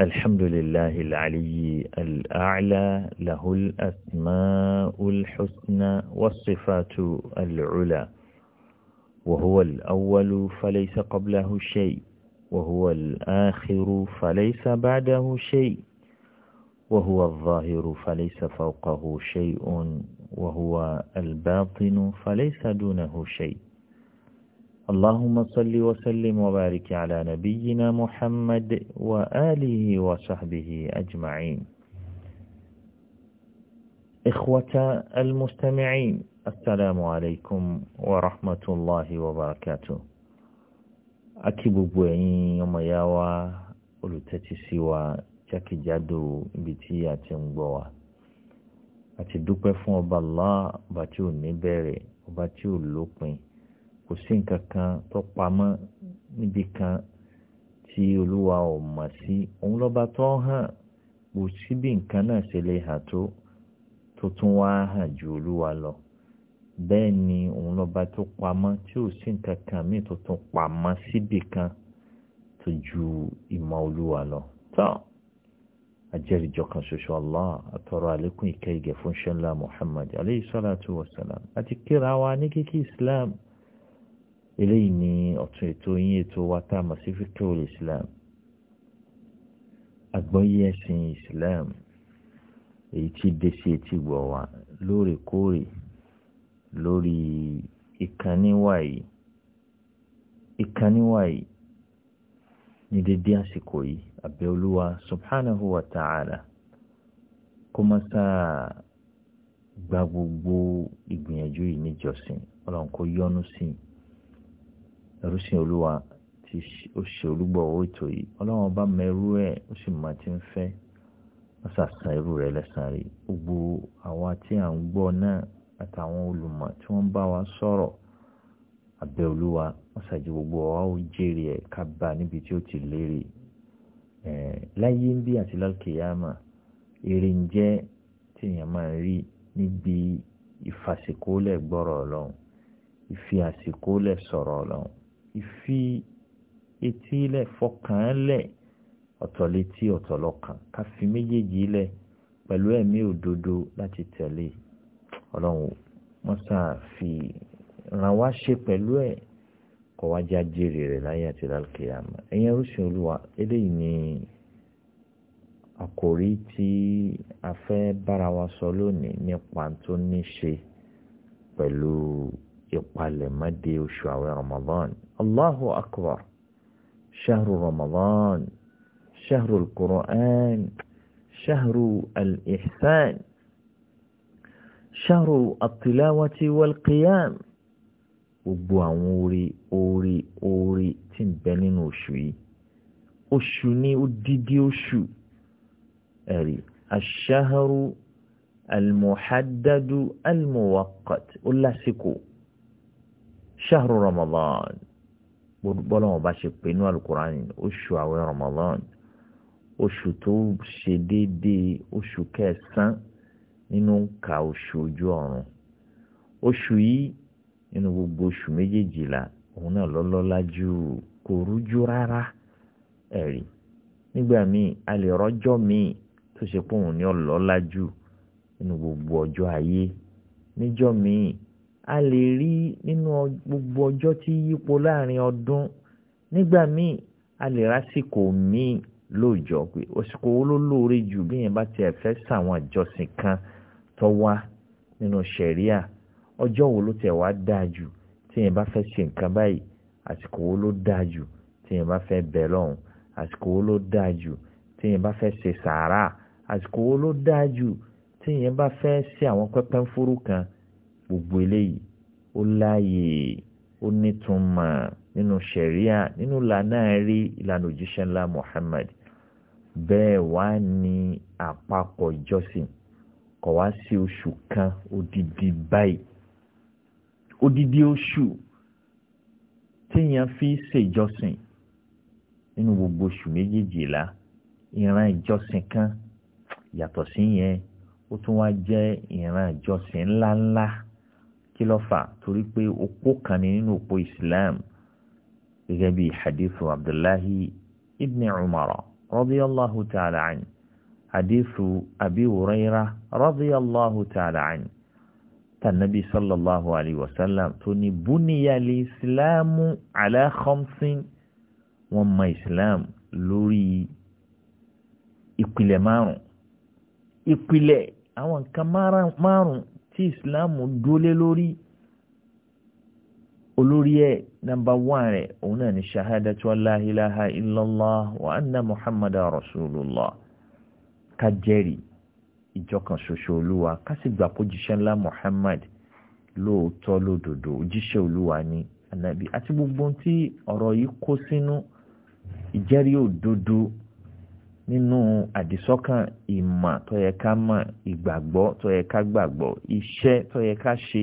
الحمد لله العلي الأعلى له الأسماء الحسنى والصفات العلى وهو الأول فليس قبله شيء وهو الآخر فليس بعده شيء وهو الظاهر فليس فوقه شيء وهو الباطن فليس دونه شيء اللهم صل وسلم وبارك على نبينا محمد وآله وصحبه أجمعين إخوة المستمعين السلام عليكم ورحمة الله وبركاته أكبوبوين يوم ياوى olùtẹ́tísíwa jákèjádò ibi tí a ti ń gbọ́ wa àti dúpẹ́ fún ọba kò sí nǹkan kan tó pamọ́ níbi kan tí olúwa ò mọ̀ sí òun lọ́ba tó hàn kò sí bí nǹkan náà ṣe lè hàn tó tó tún wá hàn ju olúwa lọ bẹ́ẹ̀ ni òun lọ́ba tó pamọ́ tí ò sí nǹkan kan míì tó tún pamọ́ síbì kan tó ju ìmọ̀ olúwa lọ tán ajẹ́rìjọ kan ṣoṣo Allah àtọ̀rọ̀ àlékún ìkẹ́ ìgẹ̀ fún ṣẹ́ńlá Muhammad aleyhi salatu wa salam àti kíra wa ní kíkí Islam eléyìí ni ọ̀tún ètò yín ètò wa tá a mọ̀ sí fíkẹ́wò islam àgbọ́yé ẹ̀sìn islam èyí tí dé sí etí gbọ̀ wá lóòrèkóòrè lórí ìkànnì wa yìí ìkànnì wa yìí ní dédé àsìkò yìí àbẹ̀ olúwa subhanahu wa ta'ala kó má sáà gba gbogbo ìgbìyànjú yìí níjọsìn ọlọ́run kó yọ́nú sí i ẹrúsìn olúwa tí ó ṣe olúgbọ̀wọ́ ètò yìí ọlọ́run ọba mẹ́rú ẹ̀ ó sì máa ti ń fẹ́ wọ́n ṣàṣà irú rẹ̀ lẹ́sàn-án rí gbogbo àwa tí à ń gbọ́ náà àtàwọn olùmọ̀ tí wọ́n bá wa sọ̀rọ̀ abẹ́ olúwa wọ́n ṣàjẹ́ gbogbo ọ̀wá ó jèrè ẹ̀ ká bá níbi tí ó ti lérè ẹ̀ láyé ń bí àti lálùkìyàmà èrè ń jẹ́ tèèyàn máa ń rí níbi ìfàsìkólẹ̀ gbọ́rọ̀ ọlọ́run ìfi àsìkólẹ̀ sọ̀rọ̀ ọlọ́run ìfi etí lẹ̀ fọkàn lẹ̀ ọ̀tọ̀ létí ọ̀tọ̀ lọ́kàn ká fi méjèèjì lẹ̀ pẹ̀lú ẹ̀mí òdodo láti tẹ̀lé ọlọ́run wọ́n sáà fi ràn wá ṣe pẹ̀lú ẹ̀ kọ́ wá já jèrè rẹ̀ láyé àti lálùkìyàmà ẹ̀yìn orísun olúwa eléyìí ni àkòrí tí a fẹ́ bára wa sọ lónìí nípa tó ní ṣe pẹ̀lú يقال مدي وشعوي رمضان الله أكبر شهر رمضان شهر القرآن شهر الإحسان شهر الطلاوة والقيام وبعموري أوري أوري تنبنين وشوي وشوني وديدي وشو أري الشهر المحدد الموقت ولا سكو ṣahru ramadan bọ́lọ́wọ́n bá ṣe pé inú alukur'an oṣù àwẹ̀ ramadan oṣù tó ṣe déédéé oṣù kẹsàn-án nínú nǹka oṣù ojú ọ̀run oṣù yìí nínú gbogbo oṣù méjèèjìlá òun náà lọ́lọ́lá jù kò rújú rárá ẹ̀rí nígbà míì a lè rọ́jọ́ míì tó ṣe pé òun ní ọ̀lọ́lá jù nínú gbogbo ọjọ́ ayé níjọ́ míì a lè rí nínú gbogbo ọjọ́ tí yípo láàrin ọdún nígbà míì a lè rásìkò míì lóòjọ́ pé òsìkò wo ló lóore jù bí yẹn bá tiẹ̀ fẹ́ sàwọn ìjọsìn kan tó wá nínú ṣẹ̀ríà ọjọ́ wo ló tẹ̀ wá dáa jù tí yẹn bá fẹ́ ṣe nǹkan báyìí àsìkò wo ló dáa jù tí yẹn bá fẹ́ bẹ̀ lọ́hùn àsìkò wo ló dáa jù tí yẹn bá fẹ́ ṣe sàárà àsìkò wo ló dáa jù tí yẹn bá fẹ́ ṣe àwọn pẹ́pẹ́ fúru kan gbogbo eléyìí ó láàyè ó nítumọ̀ nínú ṣẹ̀ríà nínú ìlànà rí ìlànà òjíṣẹ́ ńlá Muhammad bẹ́ẹ̀ wá ní àpapọ̀ ìjọsìn kọ̀ wá sí oṣù kan odidi báyìí odidi oṣù téèyàn fi ṣèjọsìn nínú gbogbo oṣù méjèèjìlá ìran ìjọsìn kan yàtọ̀ sí yẹn ó tún wá jẹ́ ìran ìjọsìn ńláńlá kí ló fà torí pé òpó kan ní nínú òpó islam gẹ́gẹ́ bí hadithu abdullahi ibn umar radiyallahu ta'ala an hadithu abi huraira radiyallahu ta'ala an tànàbí sallallahu alayhi wa sallam tó ní búniyàlì islamu ala khamsin wọn ma islam lórí ìpìlẹ̀ márùn-ún ìpìlẹ̀ àwọn nǹkan márùn-ún tí islam dúólé lórí olórí ẹ̀ nàmbà wán rẹ̀ òun náà ni shahadatu la ilaha illallah wa anna muhammadu rasulullah ká jẹ́rìí ìjọkan ṣoṣo olúwa ká sì gbà kó jíṣẹ́ ńlá muhammad lóòótọ́ lódodo jíṣẹ́ olúwa ni ànábì àti gbogbo tí ọ̀rọ̀ yìí kó sínú ìjẹ́rìí òdodo nínú àdìsọ́kàn ìmọ̀ tó yẹ ká mọ̀ ìgbàgbọ́ tó yẹ ká gbàgbọ́ iṣẹ́ tó yẹ ká ṣe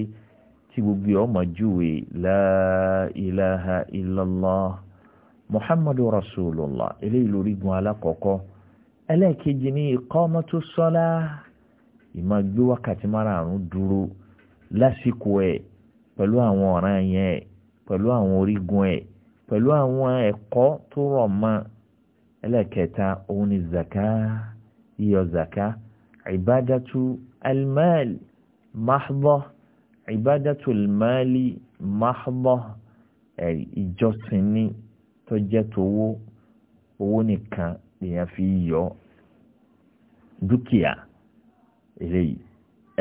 tí gbogbo ọmọ júwe la ilaha illallah muhammadu rasulullah eléyìí lórí gun alákọ̀ọ́kọ́ ẹlẹ́ẹ̀kejì ní ìkọ́mọ́tò sọ́lá ìmọ̀ gbé wákàtí márààrún dúró lásìkò ẹ̀ pẹ̀lú àwọn ọ̀ràn yẹn pẹ̀lú àwọn orígun ẹ̀ pẹ̀lú àwọn ẹ̀kọ́ tó rọ̀ mọ́ ẹlẹ́kẹta òun ni zaka yíyọ zaka ìbádàtú almaali mahdọ́ ìbádàtú almaali mahdọ́ ìjọsìn ní tó jẹ́ tówó owó nìkan lèèyàn fi yọ dúkìá eléyìí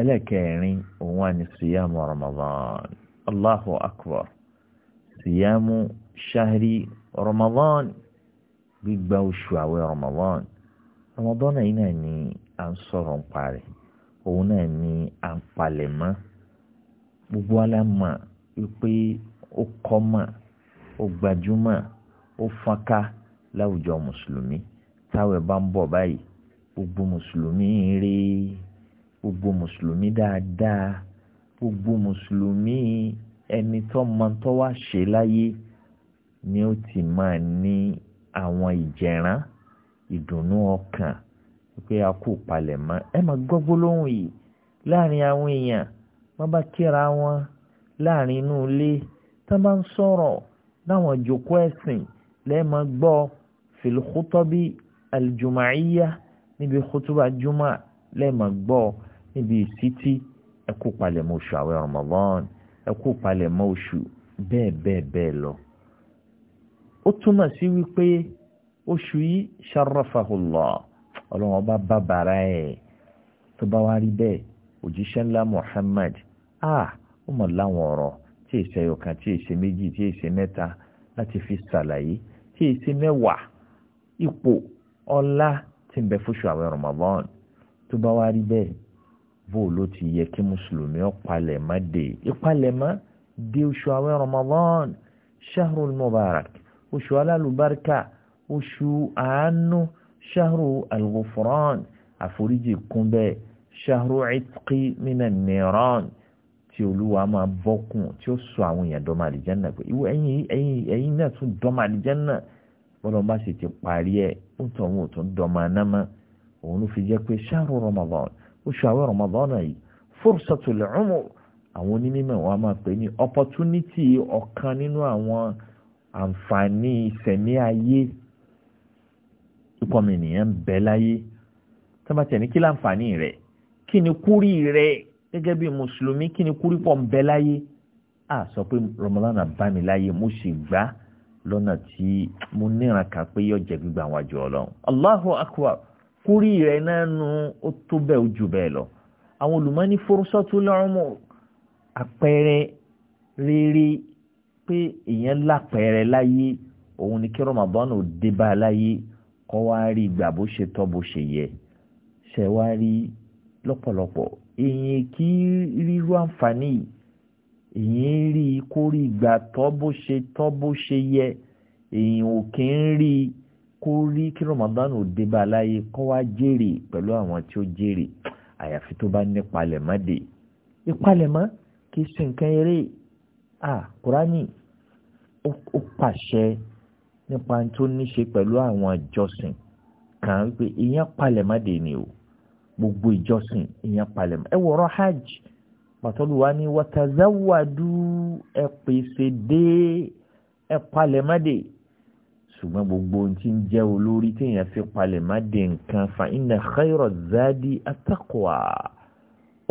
ẹlẹ́kẹrin òun wà ní ramadan allahu akbar síyàmù shahri ramadan gbígba oṣù àwẹ̀ Ramadan Ramadan yìí náà ni à ń sọ̀rọ̀ ń parẹ́ òun náà ni à ń palẹ̀ mọ́ gbogbo alámọ̀ wípé ó kọ́ mọ̀ ó gbajúmọ̀ ó fọ́nká láwùjọ mùsùlùmí táwẹ̀ bá ń bọ̀ báyìí gbogbo mùsùlùmí rí gbogbo mùsùlùmí dáadáa gbogbo mùsùlùmí ẹni tó mọ tó wá ṣe láyé ni ó ti máa ní àwọn ìjẹ̀rán ìdùnnú ọkàn pé a kú palẹ̀ mọ́ ẹ máa gbọ́ gbólóhùn yìí láàrin àwọn èèyàn wọ́n bá kíra wọn láàrin inú ilé tán bá ń sọ̀rọ̀ láwọn jòkó ẹ̀sìn lẹ́ẹ̀mọ gbọ́ fìlìkútọ́bí àlùjùmáyíyá níbi kútúbà jùmá lẹ́ẹ̀mọ gbọ́ níbi ìsítí ẹ kú palẹ̀ mọ́ oṣù àwẹ̀ Ramadan ẹ kú palẹ̀ mọ́ oṣù bẹ́ẹ̀ bẹ́ẹ̀ bẹ́ẹ̀ lọ ó túmọ̀ sí wípé oṣù yìí sharafahullah ọlọ́run ọba bá bàrà ẹ̀ tó bá wá rí bẹ́ẹ̀ òjíṣẹ́ ńlá Muhammad ah ó mọ̀ láwọn ọ̀rọ̀ tí èsì ẹ̀yọ̀kan tí èsì méjì tí èsì mẹ́ta láti fi ṣàlàyé tí èsì mẹ́wàá ipò ọlá tí ń bẹ fóṣù àwẹ̀ Ramadan tó bá wá rí bẹ́ẹ̀ bó ló ti yẹ kí mùsùlùmí ọ̀palẹ̀mọ́ dé ìpalẹ̀mọ́ dé oṣù àwẹ̀ Ramadan shahrul mubarak oṣù alálùbáríkà oṣù àánú ṣahru alghufran àforíjì kún bẹ́ẹ̀ ṣahru itqi minan niran tí olúwa máa bọ́kùn tí ó sọ àwọn èèyàn dọ́mọ àlìjánná pé ìwọ ẹ̀yin ẹ̀yin ẹ̀yin náà tún dọ́mọ àlìjánná bọ́lá bá sì ti parí ẹ̀ ó tọ̀ wọn ò tún dọ́mọ aná mọ́ òun ló fi jẹ́ pé ṣahru ramadan oṣù àwọn ramadan yìí fursatul umur àwọn onímọ̀ wọn máa pè ní opportunity ọ̀kan nínú àwọn àǹfààní ìsẹ̀mí ayé ikọ̀ mi nìyẹn ń bẹ láyé tọ́mọ̀tì ẹni kí láǹfààní rẹ̀ kí ni kúrì rẹ̀ gẹ́gẹ́ bí mùsùlùmí kí ni kúrì pọ̀ ń bẹ láyé a sọ pé rọmọlánà bá mi láyé mo sì gbá lọ́nà tí mo níran kà pé yóò jẹ́ gbígbà àwọn àjọ ọlọ́run Allahu akwa kúrì rẹ̀ náà nu ó tó bẹ́ẹ̀ ó jù bẹ́ẹ̀ lọ àwọn olùmọ́ni fọ́rọ́sọ́tún lọ́rùn mọ́ àpẹẹrẹ rere pé èèyàn lápẹẹrẹ láyé òun ni kí rọmọbọ́nù dé bá a láyé kọ́ wá rí ìgbà bó ṣe tọ́ bó ṣe yẹ ṣe wá rí lọ́pọ̀lọpọ̀ èèyàn kì í ríru àǹfààní èèyàn rí i kó rí ìgbà tọ́ bó ṣe tọ́ bó ṣe yẹ èèyàn ò kì í rí i kó rí kí rọmọbọ́nù dé bá láyé kọ́ wá jèrè pẹ̀lú àwọn tí ó jèrè àyàfi tó bá nípalẹ̀mọ́ dé ìpalẹ̀mọ́ kì í ṣe nǹkan eré kúránì ó pàṣẹ nípa tó ní ṣe pẹ̀lú àwọn ìjọsìn kan wípé ìyẹn palẹ̀mọ́dé ni o gbogbo ìjọsìn ìyẹn palẹ̀mọ́ ẹ wọ̀rọ̀ hajj pàtọ́lùwà ní wàtàzáwàdú ẹ pèsè dé ẹ palẹ̀mọ́dé ṣùgbọ́n gbogbo ohun tí ń jẹ́ olórí téèyàn fi palẹ̀mọ́dé nǹkan fa inna khayra zadi ataqwa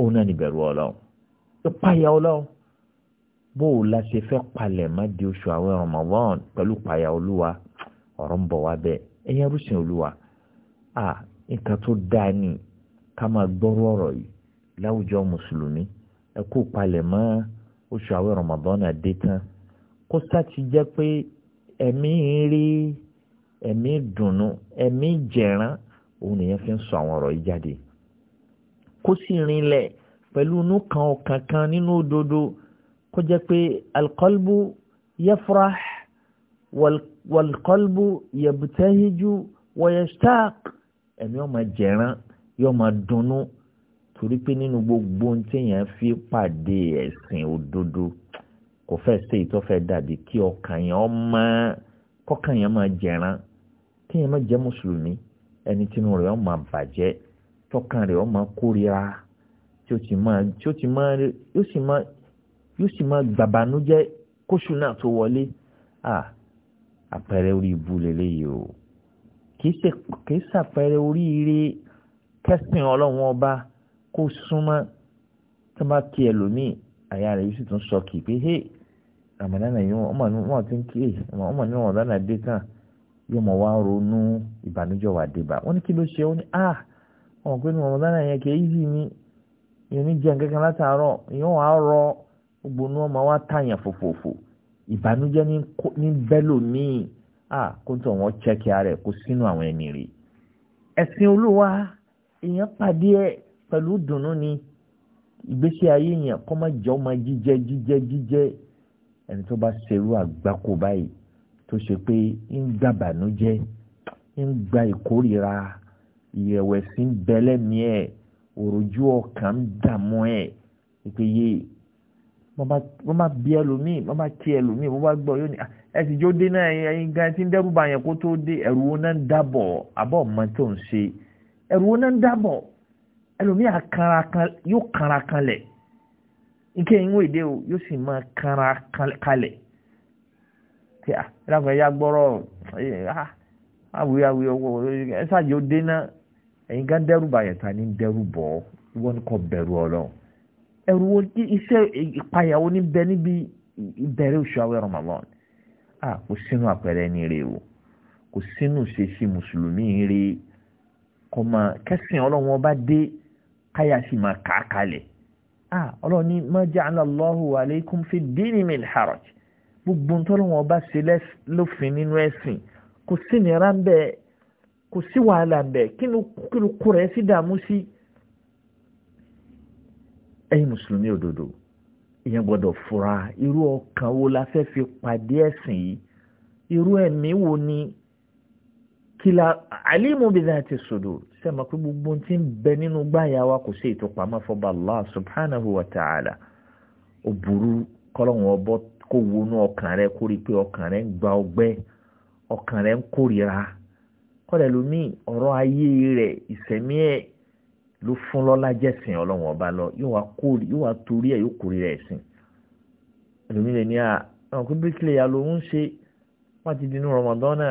ọ̀nà níbẹ̀rù ọlọ́run ìpáyà ọlọ́run bó o la ṣe fẹ́ palẹ̀ má di oṣù àwẹ̀ Ramadan pẹ̀lú payà olúwa ọ̀rọ̀ ń bọ̀ wá bẹ́ẹ̀ ẹ̀yin arúsìn olúwa à nǹkan tó dáa ni ká máa gbọ́rọ̀ ọ̀rọ̀ yìí láwùjọ mùsùlùmí ẹ kó palẹ̀ mọ́ oṣù àwẹ̀ Ramadan àdé tán kó sá ti jẹ́ pé ẹ̀mí rí ẹ̀mí dùnú ẹ̀mí jẹ̀rán òun nìyẹn fi ń sọ àwọn ọ̀rọ̀ yìí jáde kó sì rinlẹ̀ pẹ̀lú inú kan ọ̀kan nínú òdodo kó jẹ́ pé alqalbu yafrah walqalbu yabtahiju wayashtaq ẹ̀mí ó máa jẹ̀rán yóò máa dunnú torí pé nínú gbogbo ohun téèyàn fi pàdé ẹ̀sìn òdodo kò fẹ́ ṣe ìtọ́fẹ́ dàbí kí ọkàn yẹn ọmọ kọ́kàn yẹn máa jẹ̀rán kéèyàn máa jẹ́ mùsùlùmí ẹni tinú rẹ̀ ó máa bàjẹ́ tọ́kàn rẹ̀ ó kórira tí ó ti máa tí ó ti máa yóò sì máa gbàbànújẹ́ kóṣù náà tó wọlé àpẹẹrẹ orí ibu lélẹ́yìí o kìí ṣàpẹẹrẹ oríire kẹsìn ọlọ́run ọba kó súnmọ́ tó bá kí ẹlòmíì àyà rẹ̀ yóò sì tún sọ kì í pé hé àmàlànà yìí wọ́n mọ̀ tí ń kí ọmọ ní wọn lánàá dé tán yóò mọ̀ wá ronú ìbànújẹ́ wà dé bá wọ́n ní kí ló ṣe ó ní à ah, ọmọ pé ní yẹn kì í yí ni yóò ní jẹun kankan látàárọ̀ yóò wá rọ gbogbo ní ọmọ wa tààyàn fòfòfò ìbànújẹ́ ní bẹ́lò míì à kó tó wọn chẹ́kì ara ẹ̀ kó sínú àwọn ẹni rè ẹ̀sìn olúwa èèyàn pàdé ẹ̀ pẹ̀lú dùnnú ni ìgbésí ayé yẹn kọ́ má jẹ́ ọmọ jíjẹ jíjẹ jíjẹ ẹni tó bá ṣerú àgbákò báyìí tó ṣe pé ń gba bànújẹ́ ń gba ìkórìíra ìrẹ̀wẹ̀sì ń bẹ́lẹ̀ mí ẹ̀ òròjú ọkàn ń dààmú ẹ̀ pé yé wọ́n bá bí ẹlòmíì wọ́n bá kí ẹlòmíì wọ́n bá gbọ́ yóò ní ẹ sì jó dé náà ẹyin gan tí ń dẹ́rù bá yẹn kó tó dé ẹ̀rù wo náà ń dàbọ̀ àbọ̀ ọ̀mọ tó ń ṣe ẹ̀rù wo náà ń dàbọ̀ ẹlòmíì yóò kanra kanlẹ̀ ike ìwé ìdè o yóò sì máa kanra kalẹ̀ tí a ìlànà ẹ̀yà gbọ́rọ̀ awuyawuy ẹ ṣáà jó dé náà ẹyin gan dẹ́rù bá yẹn ta ni dẹ́rù bọ̀ wọ́n kọ́ bẹ̀rù ọlọ́run ẹ̀rù wo iṣẹ́ ìpayà wo ní bẹ níbi ìbẹ̀rẹ̀ oṣù àwẹ̀ Ramadan ah kò sínú àpẹẹrẹ ní rè o kò sínú ṣèṣì mùsùlùmí rè kò mà kẹsìn ọlọ́run ọba dé káyà sì máa kà á kalẹ̀ ah ọlọ́run ní ma ja'ala Allahu alaykum fi dini min haraj gbogbo ntọ́lọ́wọ́n ọba ṣe lófin nínú ẹ̀sìn kò sí nira ń bẹ kò sí wàhálà ń bẹ kí ló kó rẹ̀ sí dààmú sí. Si ẹ̀yin mùsùlùmí òdodo ìyẹn gbọdọ fura irú ọkàn wo la fẹ́ fi pàdé ẹ̀sìn yìí irú ẹ̀mí wo ni kila alimu bizati sudur sẹ́mi pé gbogbo ti ń bẹ nínú gbáyà wa kò sí ìtòpamọ́ fọba allah subhanahu wa ta'ala ó burú kọ́lọ́hún ọbọ̀ kó wọnú ọkàn rẹ kó rí pé ọkàn rẹ ń gba ọgbẹ́ ọkàn rẹ ń kórìíra kọ́lẹ̀ lómi ọ̀rọ̀ ayé rẹ̀ ìsẹ̀mí ẹ̀ ló fún lọ́lá jẹ́sìn ọlọ́run ọba lọ yóò wá torí ẹ̀ yóò kórè rẹ̀ sìn ẹlòmíì lè ní à àwọn pé bíríkìlẹ̀ yà ló ń ṣe wọ́n ti dinú rọmọdọ́nà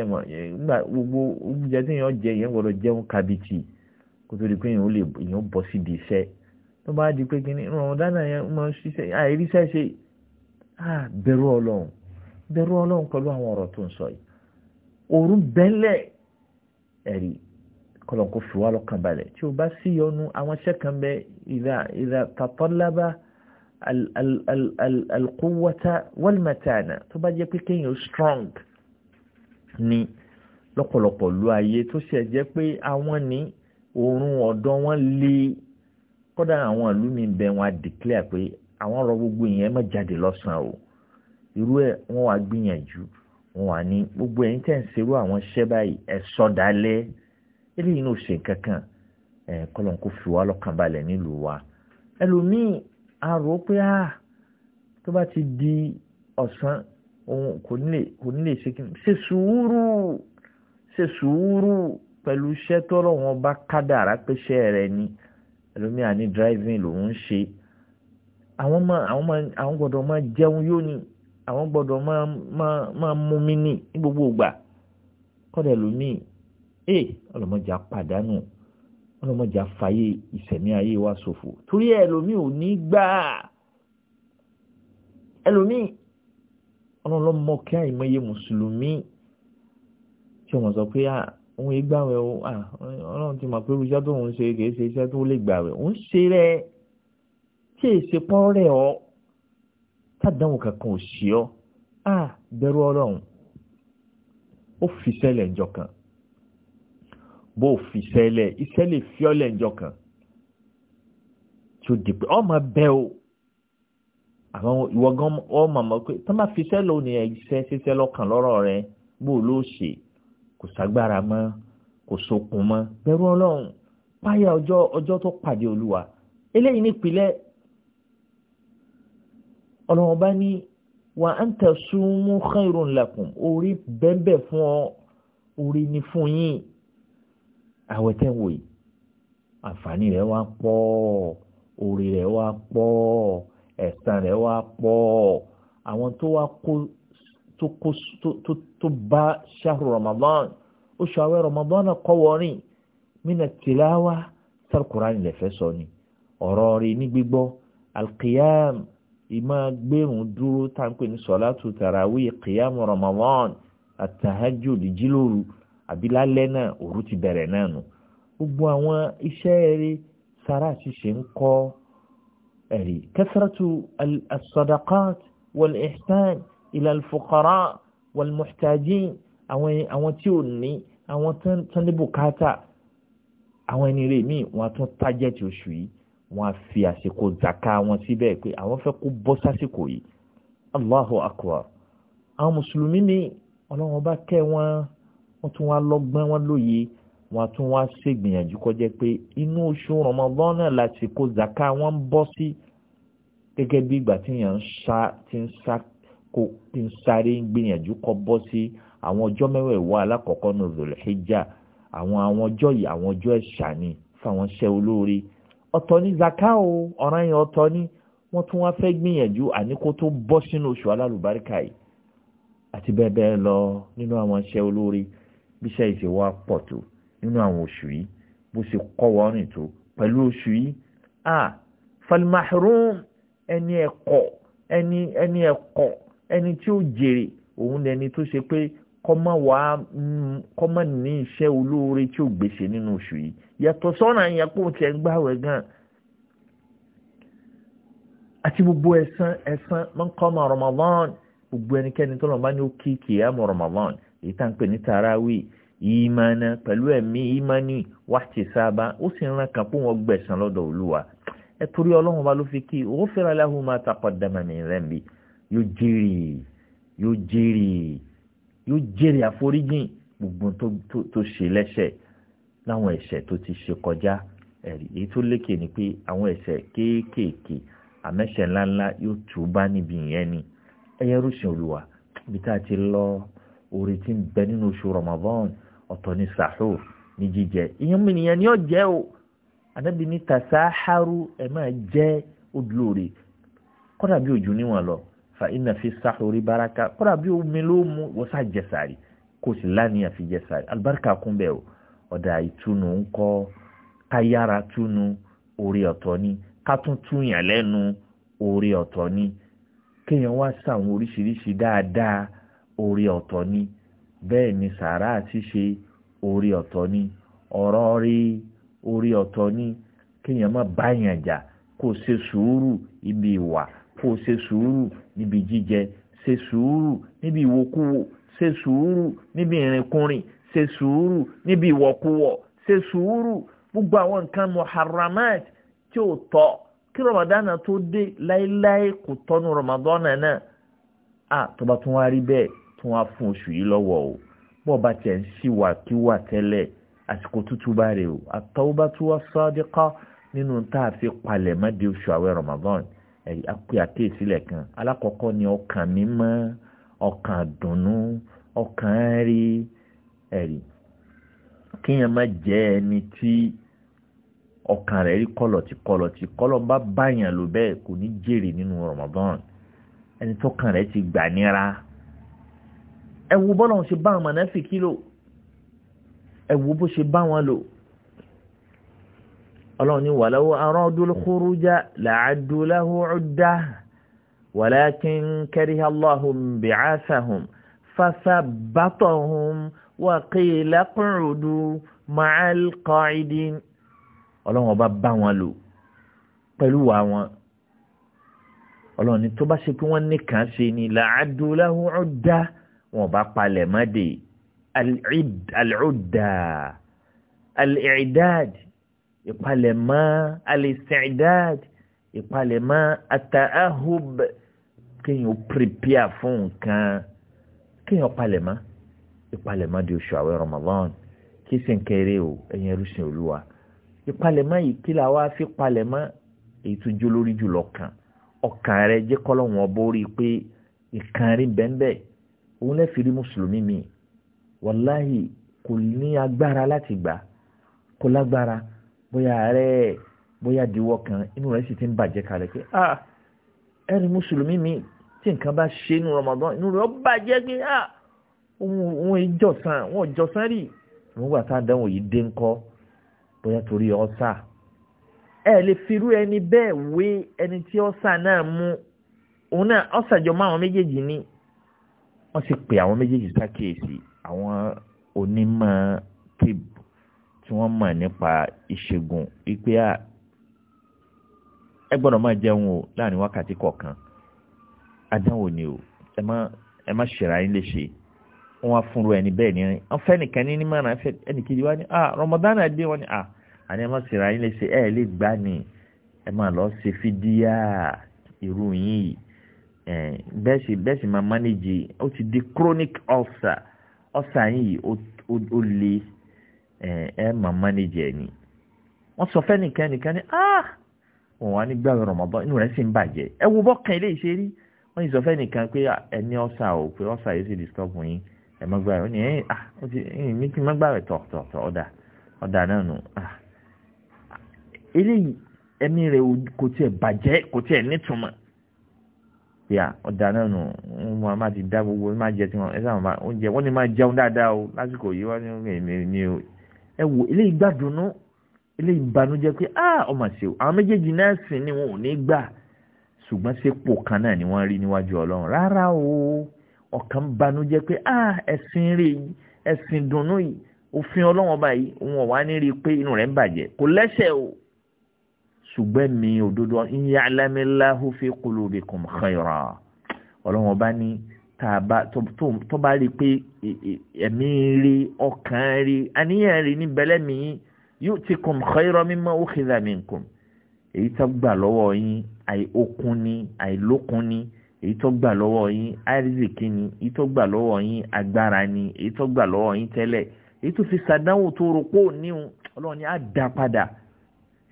ẹ̀mọ̀ nígbà gbogbo oúnjẹ tí èèyàn jẹ èèyàn gbọ́dọ̀ jẹun kábíyèsí kó tó di pé èèyàn lè èèyàn bọ́ síbi iṣẹ́ tó bá di pé kíní rọmọdọ́nà yẹn máa ń ṣiṣẹ́ àìríṣẹ́ ṣe bẹ̀rù ọlọ́run bẹ̀rù ọlọ́run pẹ̀lú àwọn ọ̀rọ̀ tó ń sọ yìí òórùn bẹ́ńlẹ̀ ẹ̀rí kọlọ̀ kó fi wá lọ́kàn balẹ̀ tí o bá sí yọnu àwọn iṣẹ́ kan bẹ ìdá tàtọ́lábà alkúwọ́tà wọ́lmẹ̀tàna tó bá jẹ́ pé kéèyàn strong ni lọ́pọ̀lọpọ̀ lu ayé tó ṣe jẹ́ pé àwọn ní oorun ọ̀dọ́ wọn lé kódà àwọn ìlú mi bẹ wọn á declare pé àwọn ọ̀rọ̀ gbogbo yẹn má jáde lọ́sàn o irú ẹ̀ wọ́n wá gbìyànjú wọ́n wà ní gbogbo ẹ̀yin tẹ̀ ń ṣerú àwọn iṣẹ́ báyìí ẹ̀ sọ̀dálẹ́ eléyìí náà ṣe nǹkan kan ẹ̀ kọ́lọ́n kó fi wá lọ́kàn balẹ̀ nílùú wa ẹlòmíì a rò pé a tó bá ti di ọ̀sán òun kò ní lè kò ní ṣe kí ni ṣe sùúrù ṣe sùúrù pẹ̀lú iṣẹ́ tọ́rọ̀ wọn bá kádàrá péṣẹ́ rẹ ni ẹlòmíì àní driving lòun ń ṣe àwọn ọmọ àwọn ọmọ àwọn gbọ́dọ̀ máa jẹun yóò ní àwọn gbọ́dọ̀ máa máa máa mumi ní ní gbogbo ìgbà kọ́dà ẹlòmíì ee ọlọmọdé apàdánù ọlọmọdé afayé ìsẹ̀mí ayé wa ṣòfò torí ẹlòmíì ò ní gbà ẹlòmíì ọlọlọmọ kí àìmọye mùsùlùmí tí wọn sọ pé à òun ìgbà wẹ o à Ọlọ́run ti mọ pé irú iṣẹ́ tó ń ṣe kì í ṣe iṣẹ́ tó lè gbà wẹ òun ṣe rẹ tí èsì pọ́n rẹ̀ ọ́ tádàwọn kankan ò sí ọ à bẹ̀rù Ọlọ́run ó fi sẹ́lẹ̀ jọkàn bó fi sẹ́lẹ̀ iṣẹ́ lè fiọ́lẹ̀ ńjọ kan tí ó dìpẹ́ ọmọ bẹ́ẹ̀ o àwọn ìwọ gan ọmọ mọ̀ pé tó máa fi sẹ́lẹ̀ òní ẹ̀ṣẹ́ ṣiṣẹ́ lọ́kàn lọ́rọ̀ rẹ bó ló ṣe kò ságbára mọ́ kò sokun mọ́ bẹ̀rù ọlọ́run páyà ọjọ́ ọjọ́ tó pàdé olúwa eléyìí nípìnlẹ̀ ọlọ́run bá ní wà á ń tẹ̀sùn mú khairun lakum orí bẹ́ẹ̀ bẹ́ẹ̀ fún ọ orí ni fún yín àwẹ̀ tẹ́ ń wò yìí àǹfààní rẹ̀ wá pọ̀ orí rẹ̀ wá pọ̀ ẹ̀san rẹ̀ wá pọ̀ àwọn tó wá kó tó kó tó bá ṣáàrù Ramadan oṣù àwẹ̀ Ramadan kọ́ wọrin mina tìláwa sàrkùránì lẹ́fẹ́ sọ ni ọ̀rọ̀ rí ní gbígbọ́ alqiyam ìmọ̀ gbẹ̀rún dúró táǹpẹ̀ ní sọ̀látù tàràwí Ramadan àtàhájò dìjílóru àbí lálẹ́ náà òru ti bẹ̀rẹ̀ náà nù gbogbo àwọn iṣẹ́ eré sàrà ṣíṣe ń kọ́ ẹ̀rí kẹsàrátù as-sadaqat wal ihsan ila al-fuqara wal muhtajin àwọn tí ò ní àwọn tán ní bùkátà àwọn ẹni rè míì wọn tún tájẹ́tì oṣù yìí wọn fi àsìkò zaka wọn síbẹ̀ pé àwọn fẹ́ kó bọ́ sásìkò yìí Allahu akbar àwọn mùsùlùmí ni ọlọ́run bá kẹ́ wọn wọ́n tún wá lọ́gbọ́n wọ́n lóye wọ́n tún wá ṣègbìyànjú kọjá pé inú oṣù Ramadan náà lásìkò zaka wọ́n ń bọ́ sí gẹ́gẹ́ bí ìgbà tí èèyàn ń sáré ń gbìyànjú kọ́ bọ́ sí àwọn ọjọ́ mẹ́wẹ̀ẹ̀wá alákọ̀ọ́kọ́ ní Zulhijja àwọn àwọn ọjọ́ yìí àwọn ọjọ́ ẹ̀ṣà ni fáwọn iṣẹ́ olóore ọ̀tọ̀ ni zaka o ọ̀ràn yẹn ọ̀tọ̀ ni wọ́n tún wá fẹ́ gbìyànjú àníkó tó bọ́ sínú oṣù alálùbáríkà yìí àti bẹ́ẹ̀ bẹ́ẹ̀ lọ nínú àwọn iṣẹ́ olóore bíṣẹ́ ìṣe wa pọ̀ tó nínú àwọn oṣù yìí bó ṣe kọ́ wa tó pẹ̀lú oṣù yìí a falmahrum ẹni ẹ̀kọ́ ẹni ẹni ẹ̀kọ́ ẹni tí ó jèrè òun lẹni tó ṣe pé kọ́mọ wà á mm, kọ́mọ ní iṣẹ́ olóore tí ó gbèsè nínú oṣù yìí yàtọ̀ sọ́nà yẹn tiẹ̀ ń gbàwẹ̀ gan àti gbogbo ẹ̀san ẹ̀san man qama Ramadan gbogbo ẹnikẹ́ni tó lọ́n bá ní ó kí kìí àmọ́ Ramadan èyí tá à ń pè ní tarawí ìmánà pẹ̀lú ẹ̀mí ìmánì wáṣẹ sábà ó sì ń rankan pé wọ́n gbẹ̀sán lọ́dọ̀ olúwa ẹ torí ọlọ́run bá ló fi kí owó fẹ́ràn aláhùn máa tapọ̀ dàmàmì rẹ̀ mi yóò jèrè yóò jèrè yóò jèrè àforíjìn gbogbo tó ṣe lẹ́sẹ̀ láwọn ẹ̀ṣẹ̀ tó ti ṣe kọjá ẹ̀rí èyí tó lékè ni pé àwọn ẹ̀ṣẹ̀ kéékèèké àmẹ́ṣẹ̀ ńláńlá yóò tù bá níbi ìyẹn ni ẹ̀yẹ́rú sìn olúwa ibi tá a ti lọ́ọ́ orí tí ń bẹ nínú oṣù Ramadan ọ̀tọ̀ ní sahur ní jíjẹ ìyẹn mi nìyẹn ni ó jẹ́ o anábì ní tasaharu ẹ̀ máa jẹ́ odulóore kọ́dà bí ojú níwọ̀n lọ fa iná fi sahuri baraka kọ́dà bí omi ló mu wọ́sà jẹsàrí kò sì lánìyàn fi jẹsàrí alibarika kún bẹ́ẹ̀ o ọ̀dà ìtùnú ńkọ́ káyára túnú orí ọ̀tọ̀ ni ká tún túyàn orí ọ̀tọ̀ ni kéèyàn wá sàwọn oríṣiríṣi dáadáa orí ọ̀tọ̀ ni bẹ́ẹ̀ ni sàárà ṣe orí ọ̀tọ̀ ni ọ̀rọ̀ rí orí ọ̀tọ̀ ni kéèyàn má báyàn jà ibi ìwà kó o ṣe sùúrù níbi jíjẹ ṣe sùúrù níbi ìwòkuwò ṣe sùúrù níbi ìrìnkúrìn ṣe sùúrù níbi ṣe sùúrù gbogbo àwọn nǹkan tí a tó bá tún wá rí tún wá fún oṣù yìí lọ́wọ́ o bó bá tiẹ̀ ń ṣìwà kíwà tẹ́lẹ̀ àsìkò tútù bá rè o àtọ́wọ́bátú wá sọ́díkọ́ nínú tá a fi palẹ̀ mọ́ di oṣù àwẹ̀ Ramadan ẹ̀rí apẹ́ àkéèsí lẹ́kan alákọ̀ọ́kọ́ ni ọkàn mímọ́ ọkàn dùnnú ọkàn rí ẹ̀rí kíyàn má jẹ́ ẹni tí ọkàn rẹ̀ rí kọlọ̀tì kọlọ̀tì kọlọ̀ bá báyàn lò bẹ́ẹ̀ kò ní jèrè nínú Ramadan ẹni tọ́kàn rẹ̀ ti gbà níra ẹ̀wù bọ́lọ̀ ṣe bá àwọn mọ̀nàfíkì lò ẹ̀wù bó ṣe bá wọn lò ọlọ́run ní walaw aradu al-khuruja la'addu lahu 'uddah walakin kariha Allahu bi'athahum fasabatahum wa qila qu'udu ma'al qa'idin ọlọ́run ọba bá wọn lò pẹ̀lú wa wọn ọlọ́run ní tó bá ṣe pé wọ́n ní kàn ṣe ni la'addu lahu wọn bá palẹ̀ mọ́ de al-udda al-i'dad ìpalẹ̀mọ́ al-isti'dad ìpalẹ̀mọ́ at-ta'ahub kéèyàn prepare fún nǹkan kéèyàn palẹ̀mọ́ ìpalẹ̀mọ́ di oṣù àwẹ̀ Ramadan kí sì ń kéré o ẹ̀yin ẹrúsìn olúwa ìpalẹ̀mọ́ yìí kí la wá fi palẹ̀mọ́ èyí tó jó lórí jùlọ kan ọkàn rẹ jẹ́ kọ́lọ́wọ́n borí pé ìkànnì bẹ́ẹ̀ bẹ́ẹ̀ òun náà fi rí mùsùlùmí mi wàláhì kò ní agbára láti gbà kò lágbára bóyá àárẹ̀ bóyá diwọ́ kan inú rẹ̀ sì ti ń bàjẹ́ kalẹ̀ pé ah ẹni mùsùlùmí mi tí nǹkan bá ṣe inú Ramadan inú rẹ̀ ó bàjẹ́ pé ah òun ìjọsán wọn ìjọsán rí nígbà tá a dánwò yìí dé ńkọ́ bóyá torí ọ̀sà ẹ lè firú ẹni bẹ́ẹ̀ wé ẹni tí ọ̀sà náà mú òun náà ọ̀sà jọ máa wọn méjèèjì ni wọ́n sì pè àwọn méjèèjì sákèèsì àwọn onímọ̀ tib tí wọ́n mọ̀ nípa ìṣègùn wípé à ẹ gbọ́dọ̀ máa jẹun o láàrin wákàtí kọ̀ọ̀kan àdánwò ni o ẹ má ẹ má ṣèrà yín léṣe wọ́n á fúnru ẹni bẹ́ẹ̀ ni wọ́n fẹ́ nìkan ní nímọ̀ náà ẹnì kejì wá ní à Ramadan àdé wọ́n ní à àní ẹ má ṣèrà yín léṣe ẹ lè gbá ni ẹ má lọ ṣe fídíà irú yín yìí Eh, bẹ́ẹ̀ sì bẹ́ẹ̀ sì máa e. ti di chronic ulcer ulcer yìí ó le eh, ẹ máa manage ẹ̀ ni wọ́n sọ fẹ́ nìkan nìkan ni ah òun á ní ma rọmọbọ inú rẹ̀ sì ń bàjẹ́ ẹ wo bọ́kàn ilé ìṣe rí wọ́n si sọ fẹ́ nìkan pé ah, ẹni ọ̀sà o pé sì disturb yín ẹ má eh, ah, ó ti mi ti má tọ̀tọ̀tọ̀ ọ̀dà ọ̀dà náà nù ah eléyìí rẹ̀ kò tiẹ̀ bàjẹ́ kò tiẹ̀ nítumọ̀ pé à ah, ọ̀dà náà nù wọn máa ti dá gbogbo máa jẹ tí wọn ẹ sáà máa oúnjẹ wọn ni máa jẹun dáadáa o lásìkò yìí wọn ní èmi ni o ẹ wò eléyìí gbàdúnú eléyìí banújẹ́ pé a ah, ọmọ ṣe o àwọn méjèèjì náà sì ni wọn ò ní gbà ṣùgbọ́n sépò kan náà ni wọ́n rí níwájú ọlọ́run rárá o ọ̀kan banújẹ́ pé a ah, ẹ̀sìn rí ẹ̀sìn dùnú òfin ọlọ́run ọba yìí wọn wà ní rí i pé inú rẹ̀ ń bàjẹ́ kò lẹ́sẹ̀ o ṣùgbọ́n mi òdodo in ya'lamillahu fi qulubikum khayra ọlọ́run ọba ní tó bá rí i pé e, e, ẹ̀mí rí ọkàn rí àníyàn rí ní bẹ́lẹ́mì yu'tikum khayra mimma ukhidha minkum èyí tó gbà lọ́wọ́ yín àìokun ni àìlókun ni èyí tó gbà lọ́wọ́ yín àìrísìkí ni èyí tó gbà lọ́wọ́ yín agbára ni èyí tó gbà lọ́wọ́ yín tẹ́lẹ̀ èyí tó fi sàdánwò tó rò pé òní ọlọ́run ni á dá padà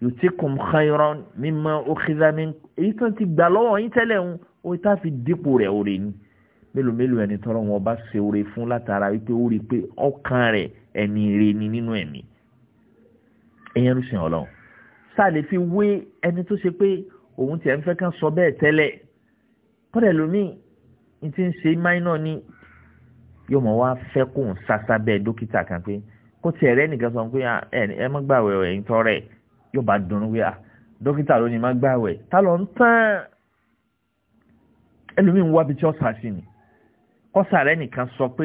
yutikum khayran mimma ukhidha min èyí tó ti gbà lọ́wọ́ yín tẹ́lẹ̀ ń ó tá fi dípò rẹ̀ òrè ni mélòó mélòó ẹni tọ́lọ́ wọn bá ṣe oore fún látara wípé ó rí i pé ọkàn rẹ̀ ẹni rè ni nínú ẹ̀mí ẹ̀yẹn ló sìn ọlọ́run sáà lè fi wé ẹni tó ṣe pé òun tiẹ̀ ń fẹ́ kán sọ bẹ́ẹ̀ tẹ́lẹ̀ kọ́dẹ̀ lómi ní ti ń ṣe máínà ni yóò mọ̀ wá fẹ́ kóun sásá bẹ́ẹ̀ dókítà kan pé kó tiẹ̀ rẹ́ nìkan sọ pé ẹ má gbàwẹ̀ ẹ̀yìn tọ́rẹ̀ ẹ̀ yóò bá dùnnú wí à ah, dókítà ló ní má gbààwẹ̀ tá lọ ń tán ẹlòmíì ń wá bí tí ọ̀sà sí ni kọ́sà rẹ nìkan sọ pé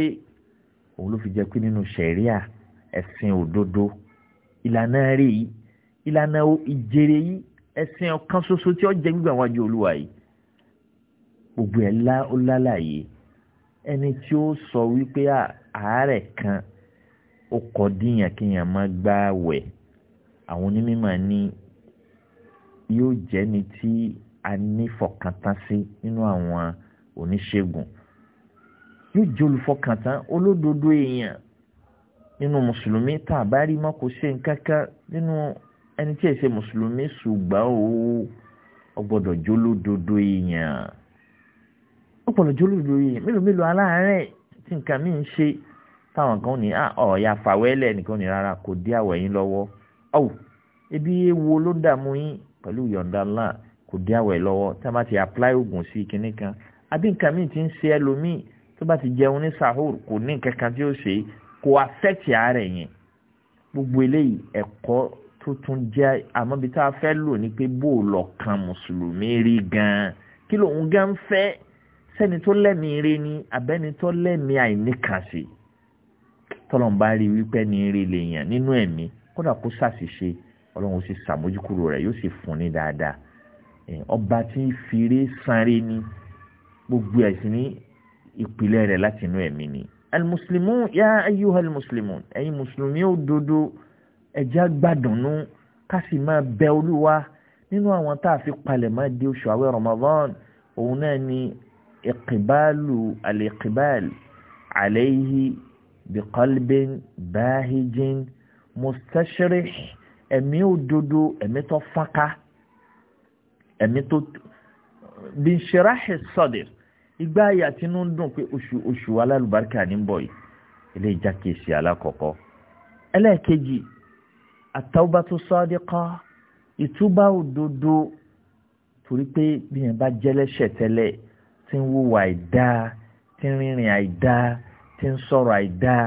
òun ló fi jẹ́ pé nínú ṣẹ̀ríà ẹ̀sìn òdodo ìlànà rẹ̀ yìí ìlànà ìjèrè yìí ẹ̀sìn ọ̀kan ṣoṣo tí ó jẹ́ gbígbà wájú olúwa yìí gbogbo ẹ̀ lá ó lálàyé ẹni tí ó sọ wípé ah, àárẹ̀ kan ó kọ díyàn kéèyàn má gbààwẹ̀ àwọn onímọ̀ ní yóò jẹ́ ni tí a nífọkàntán sí nínú àwọn oníṣègùn yóò jẹ́ olùfọkàntán olódodo èèyàn nínú mùsùlùmí tá a bá rí mọ́ kò ṣe nǹkan kan nínú ẹni tí ẹ̀ ṣe mùsùlùmí ṣùgbọ́n o ó gbọ́dọ̀ jólódodo èèyàn ó gbọ́dọ̀ jólódodo èèyàn mélòó mélòó aláàárẹ̀ tí nǹkan mi ń ṣe táwọn kan ní ah, ọ̀ọ́yà fàwẹ́lẹ̀ nìkan ní rárá kò dí àwọ̀ ẹ̀yìn lọ́wọ́ ọ̀wù ebi ewo ló dààmú yín pẹ̀lú yọ̀ǹda ńlá kò dí àwẹ̀ lọ́wọ́ tá a bá ti apply oògùn sí kinní kan àbí nǹkan míì ti ń ṣe ẹlòmíì tó bá ti jẹun ní sahur kò ní nǹkan kan tí ó ṣe kò affect àárẹ̀ yẹn gbogbo eléyìí ẹ̀kọ́ tó tún jẹ́ àmọ́ bí tá a fẹ́ lò ní pé bó o lọ kan mùsùlùmí rí gan-an kí lòun gan fẹ́ sẹ́ni tó lẹ́mìí rí ni àbẹ́ni tó lẹ́mìí àìníkànṣe tọ́lọ́mbá rí wípé ni rí lèèyàn nínú ẹ̀mí kódà kó ṣàṣìṣe ọlọ́run ó sì ṣàmójúkúrò rẹ̀ yóò sì fún ní dáadáa ọba tí ń fire sanre ni gbogbo ẹ̀sìn ní ìpìlẹ̀ rẹ̀ láti inú ẹ̀mí ni alimuslimun ya ayuha alimuslimun ẹ̀yin mùsùlùmí òdodo ẹ̀já gbàdùnnú ká sì máa bẹ olúwa nínú àwọn tá a fi palẹ̀ máa di oṣù àwẹ̀ Ramadan òun náà ni ìkìbálù alìkìbálù àlẹ́yìí bìkọ́lbìn báhíjìn mustashrih ẹ̀mí òdodo ẹ̀mí tó fọ́nká ẹ̀mí tó binshirahi sadr igbá ayà tí inú ń dùn pé oṣù oṣù alálùbáríkà ní bọ̀ yìí ilé ìjà kìsì alákọ̀ọ́kọ́ ẹlẹ́ẹ̀kejì at-tawbatu sadiqa ìtúbà òdodo torí pé bí yẹn bá jẹ́lẹ́ṣẹ̀ tẹ́lẹ̀ tí ń wúwo àìdáa tí ń rìnrìn àìdáa tí ń sọ̀rọ̀ àìdáa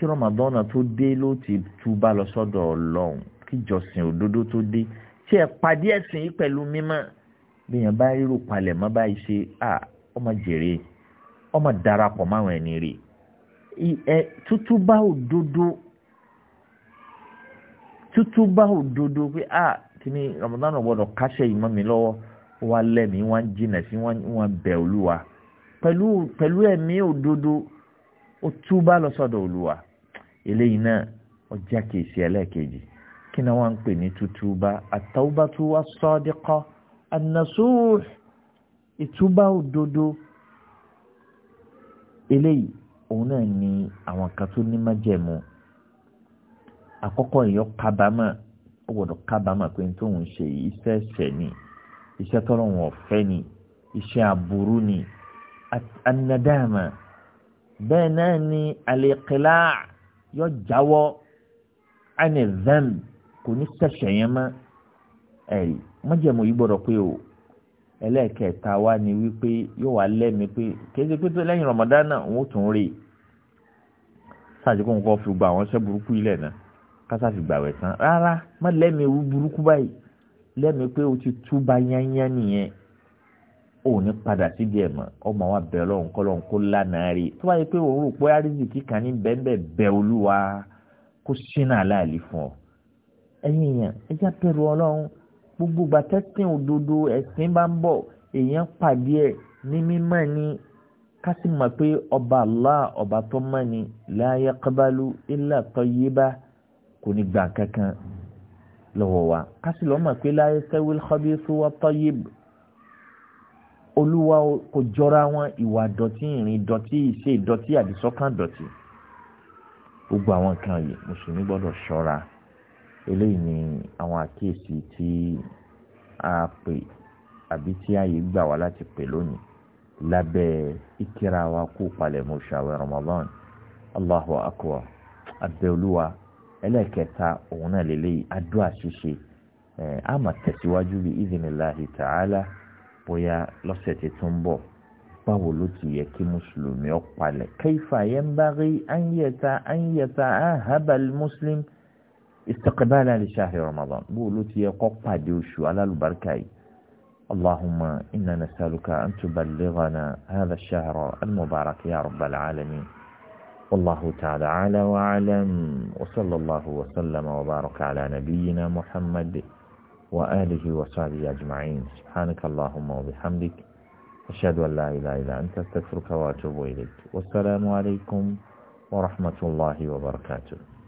kí Ramadan tó dé ló ti túbà lọ sọ́dọ̀ Ọlọ́run kí ìjọsìn òdodo tó dé tí ẹ pàdé ẹ̀sìn yìí pẹ̀lú mímọ́ bíyàn bá rírò palẹ̀ mọ́ báyìí ṣe à ọmọ jèrè ọmọ darapọ̀ máwọn ẹni rè ẹ tútúbà òdodo tútúbà òdodo pé à kíní Ramadan gbọ́dọ̀ káṣẹ ìmọ̀ mi lọ́wọ́ wá lẹ́mìí wọ́n jìnà sí wọ́n bẹ̀ Olúwa pẹ̀lú pẹ̀lú ẹ̀mí òdodo ó túbà lọ sọ́dọ̀ Olúwa eléyìí náà ọjà kèsì ẹlẹ́ẹ̀kejì kí ni wọ́n ń pè ní tutuba àtàwùbátú asọ́díkọ́ ànàsúr ìtúbà òdodo eléyìí òun náà ni àwọn kan tó ní májẹ̀mú àkọ́kọ́ èèyàn kábàámọ̀ ó gbọ́dọ̀ kábàámọ̀ pé ní tóun ṣe iṣẹ́ ẹ̀ṣẹ̀ ni iṣẹ́ tọ́lọ́run ọ̀fẹ́ ni iṣẹ́ aburú ni anadama bẹ́ẹ̀ náà ni alẹ́kẹ́láà yọ jáwọ́ ẹni vẹ́m kò ní tẹ̀sẹ̀ yẹn mọ́ ẹ̀ mọ́jẹ̀mú yìí gbọ́dọ̀ pé o ẹlẹ́ẹ̀kẹta wa ni wípé yóò wá lẹ́mi pé kéde pé tó lẹ́yìn Ramadan náà òun ó tún rí i sáàjì kó nǹkan fi gba àwọn iṣẹ́ burúkú ilẹ̀ náà kásáfi gbàwẹ̀ tán rárá má lẹ́mi ewu burúkú báyìí lẹ́mi pé o ti túba yányán nìyẹn ò ní padà síbi ẹ̀ mọ́ ọmọ wa bẹ̀ lọ́hùn kọ́ lọ́hùn kó lánàá rí tó wáyé pé òun rò pé àrísìkí kan ní bẹ́ẹ̀ bẹ́ olúwa kó sínú aláàlí fún ọ. ẹ̀yin èèyàn ẹja bẹ̀rù ọlọ́run gbogbo gbàtẹ́sìn òdodo ẹ̀sìn bá ń bọ̀ èèyàn pàdé ẹ̀ ní mímọ́ ni ká sì mọ̀ pé ọba Allah ọba tó mọ́ ni la yaqbalu illa tayyiba kò ní gbà kankan lọ́wọ́ wa ká sì lọ́ mọ̀ pé la yastawil khabithu wat tayyib olúwa kò jọra wọn ìwà dọ̀tí ìrìn dọ̀tí ìṣe dọ̀tí àdìsọ́kàn dọ̀tí gbogbo àwọn nǹkan yìí mùsùlùmí gbọ́dọ̀ ṣọ́ra eléyìí ni àwọn àkíyèsí tí a pè àbí tí ààyè gbà wá láti pè lónìí lábẹ́ ìkíra wa kú palẹ̀mọ́ ṣàwẹ̀ Ramadan Allahu akbar abẹ́olúwa ẹlẹ́kẹta òun náà lélẹ́yìí adúà ṣíṣe ẹ̀ á mà tẹ̀síwájú bí iznillahi ta'ala. bóyá lọ́sẹ̀ tí tó ń bọ̀ báwo ló ti to bo kí mùsùlùmí ó palẹ̀ kayfa yanbaghi bá rí an yata'ahaba ahabal muslim istiqbala li shahri ramadan báwo ló ti yẹ kó pàdé oṣù alálùbáríkà yìí اللهم إنا نسألك أن تبلغنا هذا الشهر المبارك يا رب العالمين والله تعالى أعلى وأعلم وصلى الله وسلم وبارك على نبينا محمد وآله وصحبه أجمعين سبحانك اللهم وبحمدك أشهد أن لا إله إلا أنت استغفرك وأتوب إليك والسلام عليكم ورحمة الله وبركاته